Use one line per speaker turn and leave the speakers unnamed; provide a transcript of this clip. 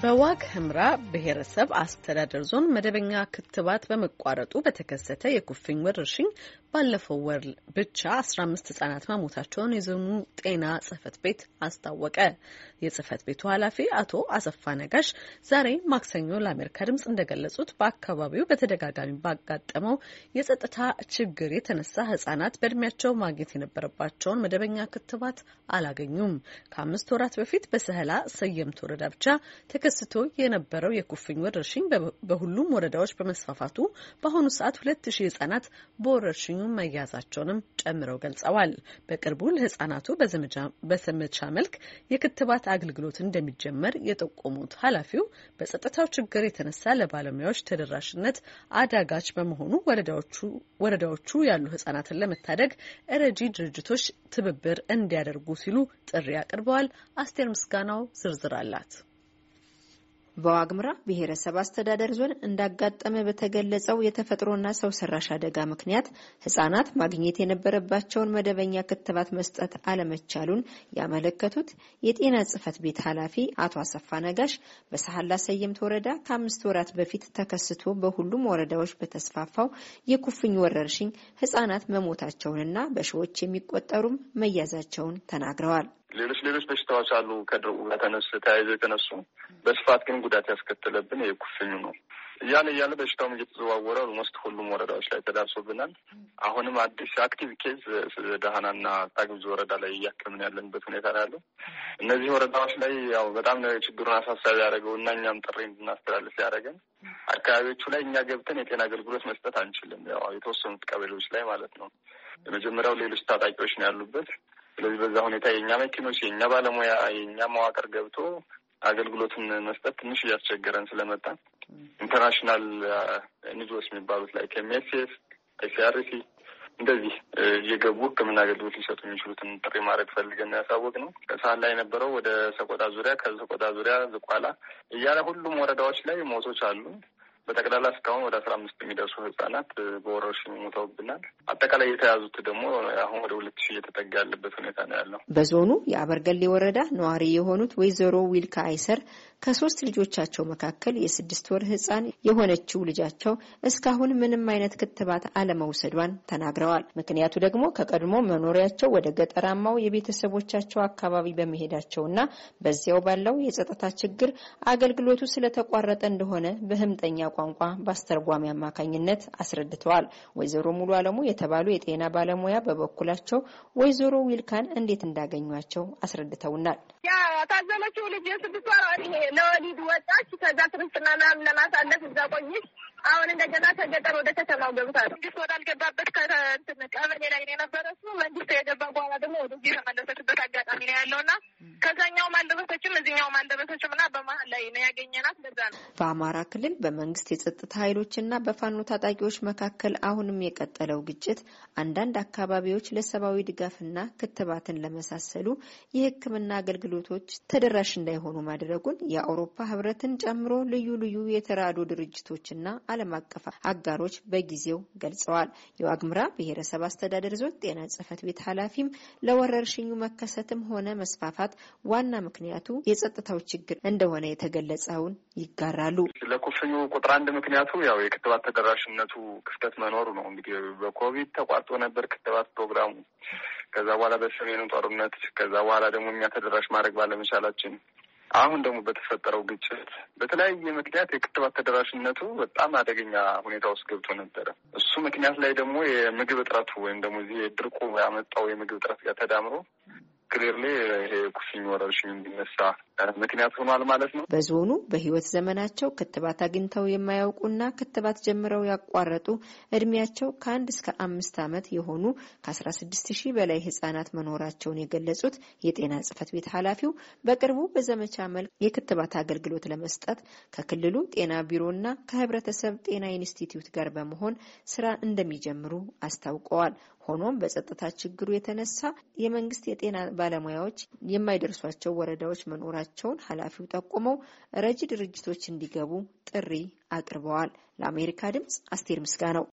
በዋግ ህምራ ብሔረሰብ አስተዳደር ዞን መደበኛ ክትባት በመቋረጡ በተከሰተ የኩፍኝ ወረርሽኝ ባለፈው ወር ብቻ 15 ህጻናት መሞታቸውን የዞኑ ጤና ጽህፈት ቤት አስታወቀ። የጽህፈት ቤቱ ኃላፊ አቶ አሰፋ ነጋሽ ዛሬ ማክሰኞ ለአሜሪካ ድምጽ እንደገለጹት በአካባቢው በተደጋጋሚ ባጋጠመው የጸጥታ ችግር የተነሳ ህጻናት በእድሜያቸው ማግኘት የነበረባቸውን መደበኛ ክትባት አላገኙም። ከአምስት ወራት በፊት በሰህላ ሰየምት ወረዳ ብቻ ተከስቶ የነበረው የኩፍኝ ወረርሽኝ በሁሉም ወረዳዎች በመስፋፋቱ በአሁኑ ሰዓት ሁለት ሺህ ህጻናት በወረርሽኙ መያዛቸውንም ጨምረው ገልጸዋል። በቅርቡ ለህጻናቱ በዘመቻ መልክ የክትባት አገልግሎት እንደሚጀመር የጠቆሙት ኃላፊው በጸጥታው ችግር የተነሳ ለባለሙያዎች ተደራሽነት አዳጋች በመሆኑ ወረዳዎቹ ያሉ ህጻናትን ለመታደግ ረጂ ድርጅቶች ትብብር እንዲያደርጉ ሲሉ ጥሪ አቅርበዋል። አስቴር ምስጋናው ዝርዝር አላት።
በዋግምራ ብሔረሰብ አስተዳደር ዞን እንዳጋጠመ በተገለጸው የተፈጥሮና ሰው ሰራሽ አደጋ ምክንያት ህጻናት ማግኘት የነበረባቸውን መደበኛ ክትባት መስጠት አለመቻሉን ያመለከቱት የጤና ጽህፈት ቤት ኃላፊ አቶ አሰፋ ነጋሽ በሳህላ ሰየምት ወረዳ ከአምስት ወራት በፊት ተከስቶ በሁሉም ወረዳዎች በተስፋፋው የኩፍኝ ወረርሽኝ ህጻናት መሞታቸውንና በሺዎች የሚቆጠሩም መያዛቸውን ተናግረዋል።
ሌሎች ሌሎች በሽታዎች አሉ ከድርቁ ጋር ተነሱ የተነሱ በስፋት ግን ጉዳት ያስከተለብን የኩፍኙ ነው። እያለ እያለ በሽታውም እየተዘዋወረ ኦልሞስት ሁሉም ወረዳዎች ላይ ተዳርሶብናል። አሁንም አዲስ አክቲቭ ኬዝ ደህናና ታግብዝ ወረዳ ላይ እያከምን ያለንበት ሁኔታ ነው ያለው። እነዚህ ወረዳዎች ላይ ያው በጣም ችግሩን አሳሳቢ ያደረገው እና እኛም ጥሪ እንድናስተላልፍ ያደረገን አካባቢዎቹ ላይ እኛ ገብተን የጤና አገልግሎት መስጠት አንችልም። ያው የተወሰኑት ቀበሌዎች ላይ ማለት ነው። የመጀመሪያው ሌሎች ታጣቂዎች ነው ያሉበት ስለዚህ በዛ ሁኔታ የእኛ መኪኖች፣ የእኛ ባለሙያ፣ የእኛ መዋቅር ገብቶ አገልግሎትን መስጠት ትንሽ እያስቸገረን ስለመጣ ኢንተርናሽናል ኤንጂኦዎች የሚባሉት ላይ ኤምኤስኤፍ፣ ኤስአርሲ እንደዚህ እየገቡ ሕክምና አገልግሎት ሊሰጡ የሚችሉትን ጥሪ ማድረግ ፈልገን ያሳወቅ ነው። ሰዓት ላይ የነበረው ወደ ሰቆጣ ዙሪያ፣ ከሰቆጣ ዙሪያ ዝቋላ እያለ ሁሉም ወረዳዎች ላይ ሞቶች አሉ። በጠቅላላ እስካሁን ወደ አስራ አምስት የሚደርሱ ህጻናት በወረርሽኝ ሞተውብናል። አጠቃላይ የተያዙት ደግሞ አሁን ወደ ሁለት ሺህ እየተጠጋ ያለበት
ሁኔታ ነው ያለው። በዞኑ የአበርገሌ ወረዳ ነዋሪ የሆኑት ወይዘሮ ዊልካ አይሰር ከሶስት ልጆቻቸው መካከል የስድስት ወር ህጻን የሆነችው ልጃቸው እስካሁን ምንም አይነት ክትባት አለመውሰዷን ተናግረዋል። ምክንያቱ ደግሞ ከቀድሞ መኖሪያቸው ወደ ገጠራማው የቤተሰቦቻቸው አካባቢ በመሄዳቸውና በዚያው ባለው የጸጥታ ችግር አገልግሎቱ ስለተቋረጠ እንደሆነ በህምጠኛ ቋንቋ በአስተርጓሚ አማካኝነት አስረድተዋል። ወይዘሮ ሙሉ አለሙ የተባሉ የጤና ባለሙያ በበኩላቸው ወይዘሮ ዊልካን እንዴት እንዳገኟቸው አስረድተውናል።
ታዘመችው ልጅ የስድስት ወር ለወሊድ ወጣች። ከዛ ክርስትና ምናምን ለማሳለፍ እዛ ቆየች። አሁን እንደገና ከገጠር ወደ ከተማው ገብታ ነው። መንግስት ወዳልገባበት ቀበሌ ላይ ነው የነበረ እሱ መንግስት የገባ በኋላ ደግሞ ወደዚህ የተመለሰችበት አጋጣሚ ነው ያለውና ከዛኛውም አልደረሰችም እዚህኛውም አልደረሰችም እና በመሀል ላይ
ነው ያገኘናት። በዛ ነው በአማራ ክልል በመንግስት የጸጥታ ኃይሎች እና በፋኖ ታጣቂዎች መካከል አሁንም የቀጠለው ግጭት አንዳንድ አካባቢዎች ለሰብአዊ ድጋፍና ክትባትን ለመሳሰሉ የሕክምና አገልግሎቶች ተደራሽ እንዳይሆኑ ማድረጉን የአውሮፓ ህብረትን ጨምሮ ልዩ ልዩ የተራዶ ድርጅቶችና ዓለም አቀፍ አጋሮች በጊዜው ገልጸዋል። የዋግምራ ብሔረሰብ አስተዳደር ዞን ጤና ጽሕፈት ቤት ኃላፊም ለወረርሽኙ መከሰትም ሆነ መስፋፋት ዋና ምክንያቱ የጸጥታው ችግር እንደሆነ የተገለጸውን ይጋራሉ።
ለኩፍኙ ቁጥር አንድ ምክንያቱ ያው የክትባት ተደራሽነቱ ክፍተት መኖሩ ነው። እንግዲህ በኮቪድ ተቋርጦ ነበር ክትባት ፕሮግራሙ። ከዛ በኋላ በሰሜኑ ጦርነት፣ ከዛ በኋላ ደግሞ እኛ ተደራሽ ማድረግ ባለመቻላችን አሁን ደግሞ በተፈጠረው ግጭት በተለያየ ምክንያት የክትባት ተደራሽነቱ በጣም አደገኛ ሁኔታ ውስጥ ገብቶ ነበረ። እሱ ምክንያት ላይ ደግሞ የምግብ እጥረቱ ወይም ደግሞ እዚህ ድርቁ ያመጣው የምግብ እጥረት ጋር ተዳምሮ ክሌርሊ ይሄ ኩፍኝ ወረርሽኝ እንዲነሳ ምክንያት ሆኗል ማለት ነው።
በዞኑ በህይወት ዘመናቸው ክትባት አግኝተው የማያውቁና ክትባት ጀምረው ያቋረጡ እድሜያቸው ከአንድ እስከ አምስት ዓመት የሆኑ ከአስራ ስድስት ሺህ በላይ ህጻናት መኖራቸውን የገለጹት የጤና ጽህፈት ቤት ኃላፊው በቅርቡ በዘመቻ መልክ የክትባት አገልግሎት ለመስጠት ከክልሉ ጤና ቢሮና ከህብረተሰብ ጤና ኢንስቲትዩት ጋር በመሆን ስራ እንደሚጀምሩ አስታውቀዋል። ሆኖም በጸጥታ ችግሩ የተነሳ የመንግስት የጤና ባለሙያዎች የማይደርሷቸው ወረዳዎች መኖራቸው መሆናቸውን ኃላፊው ጠቁመው ረጂ ድርጅቶች እንዲገቡ ጥሪ አቅርበዋል። ለአሜሪካ ድምጽ አስቴር ምስጋ ነው።